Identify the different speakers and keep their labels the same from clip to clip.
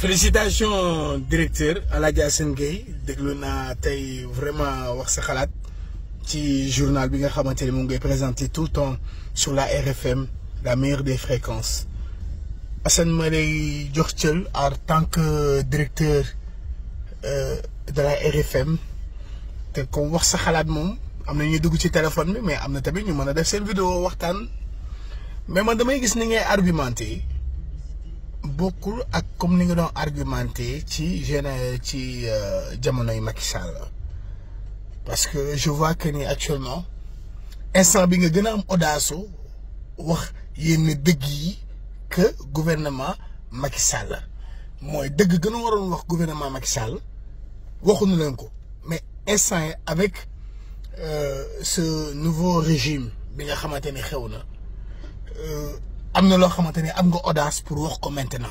Speaker 1: félicitations directeur Alaaji seen Gueye déglu naa tey vraiment wax sa xalaat ci journal bi nga xamante ne moom ngay présenté tout le temps sur la RFM la meilleure des fréquences Assane ma lay jox cël en tant que directeur euh, de la RFM te comme wax sa xalaat moom am na ñuy dugg ci téléphone bi mais am na tamit ñu mën a def seen vidéo waxtaan mais man damay gis ni ngay argumenté. bokkul ak comme ni nga doon argumenté ci gene ci euh, jamonoy Macky Sall parce que je vois que ni actuellement instant bi nga gën a am audace wax yenn dëgg yi que gouvernement Macky mooy dëgg gën a waroon wax gouvernement Macky Sall waxuñu leen ko mais instant yi avec euh, ce nouveau régime bi nga xamante ni xew na. Euh, am na loo xamante ne am nga audace pour wax ko maintenant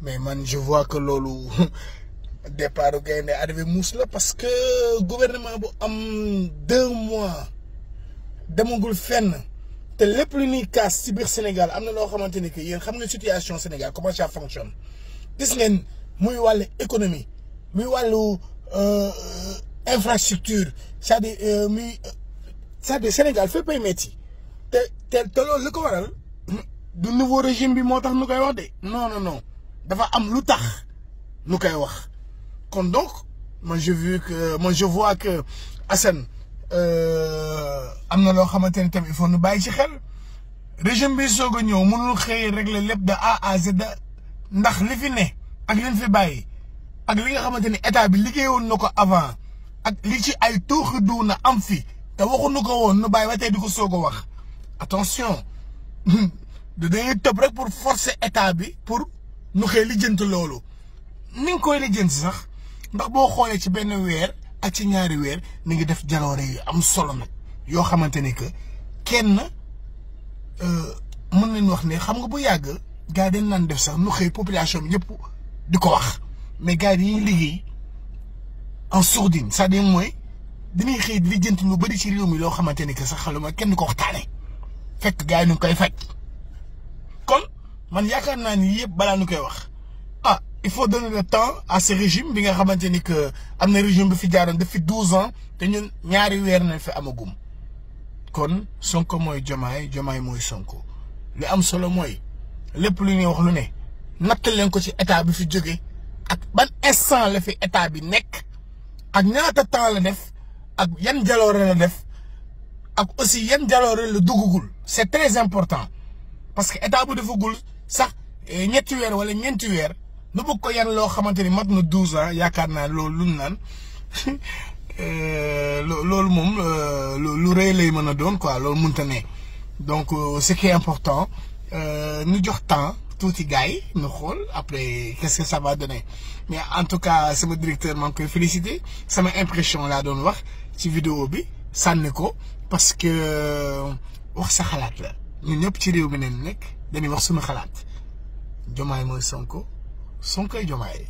Speaker 1: mais man je vois que loolu départ gaynde arrivé muus la parce que gouvernement bu am deux mois demagul fenn te lépp lu ñuy kaas si biir Sénégal am na loo xamante ni que yéen xam nga situation Sénégal comment ça fonctionne gis ngeen muy wàllu économie muy wàllu euh, infrastructure c'est-à-dire euh, muy euh, cest à Sénégal fépp ay metti te te loolu li ko waral. du nouveau régime bi moo tax nu koy wax de non non non dafa am lu tax nu koy wax kon donc man je vu que man je vois que Assane euh, am na loo xamante ne tamit il faut nu bàyyi ci xel régime bi soog a ñëw mënul xëy régler lépp de A à Z ndax li fi ne ak li fi bàyyi ak li nga xamante ni état bi liggéeyoon na ko avant ak li ci ay tooxi duu na am fi te waxuñu ko woon nu bàyyi ba tey di ko soog a wax attention dañuy tëb rek pour forcer état bi pour nu xëy lijjanti loolu mi ngi koy lijjanti sax ndax boo xoolee ci benn weer ak ci ñaari weer mi ngi def jaloore yu am solo nag yoo xamante ni que kenn euh, mën nañu wax ne xam nga bu yàgg gars yi dañ def sax nu xëy population bi ñëpp di ko wax mais gars yi dañuy liggéey en sourdine c'est-à-dire mooy dañuy xëy lijjanti lu bëri ci réew mi loo xamante ni que sax xaluma kenn ko waxtaane fekk gars yi ñu koy faj. man yaakaar naa ni yëpp balaa nu koy wax ah il faut donner le temps à ce régime bi nga xamante ni que am na régime bi fi jaaroon depuis douze ans te ñun ñaari weer nañ fi amagum kon Sonko mooy Jomaay Jomaay mooy Sonko li am solo mooy lépp lu ñuy wax lu ne natt leen ko ci état bi fi jóge ak ban instant le fi état bi nekk ak ñaata temps la def ak yan jaloore la def ak aussi yan jaloore la duggagul c'est très important parce que état bu defagul sax eh, ñetti weer wala ñeenti weer nu bëgg ko yan loo xamante ni mat na douze ans yaakaar naa loolu lu naan eh, loolu moom eh, lu rëy lay mën a doon quoi loolu mënta ne donc euh, ce qui est important euh, nu jox temps tuuti gars yi ñu xool après qu'est-ce que ça va donner mais en tout cas sama directeur maa ngi koy féliciter sama impression laa doon wax ci vidéo bi sànni ko parce que euh, wax sa xalaat la. ñun ñëpp ci réew mi neen nekk dañuy wax suñu xalaat jomaay mooy sonko sonkoy jomaay